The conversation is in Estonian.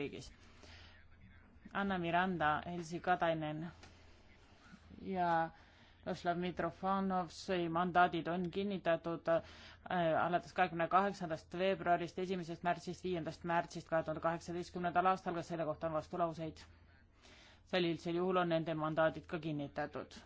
riigis. Anna Miranda, Elsi Katainen ja Jaroslav Mitrofanov, see mandaadid on kinnitatud äh, alates kahekümne kaheksandast veebruarist, esimesest märtsist, viiendast märtsist kahe tuhande kaheksateistkümnendal aastal, kas selle kohta on vastulauseid? sellisel juhul on nende mandaadid ka kinnitatud